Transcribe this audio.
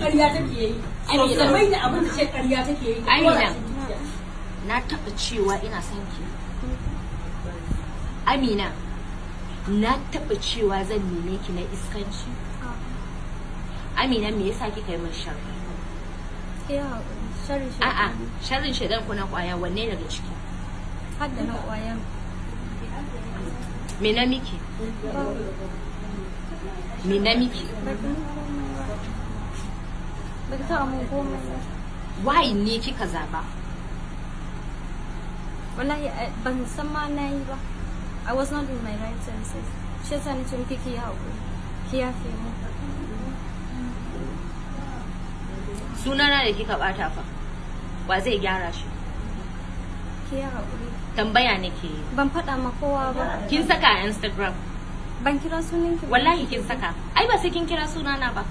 amina na taɓa cewa ina son ki amina na taɓa cewa zan neme ki na iskanci ah. amina me yasa kika yi min sharri a'a sharrin shaidan ku na kwaya wanne daga ciki hadda na kwayan me na miki me na miki ba ki taɓa mun komai wayin ne kika zaba wallahi ban san ma na yi ba i was not in my right senses shi yasa nace miki ki haƙuri ki yafe mu sunana da kika bata fa wa zai gyara shi Kiya haƙuri tambaya nake yi ban faɗa ma kowa ba kin saka a instagram ban kira sunan ki wallahi kin saka ai ba sai kin kira sunana ba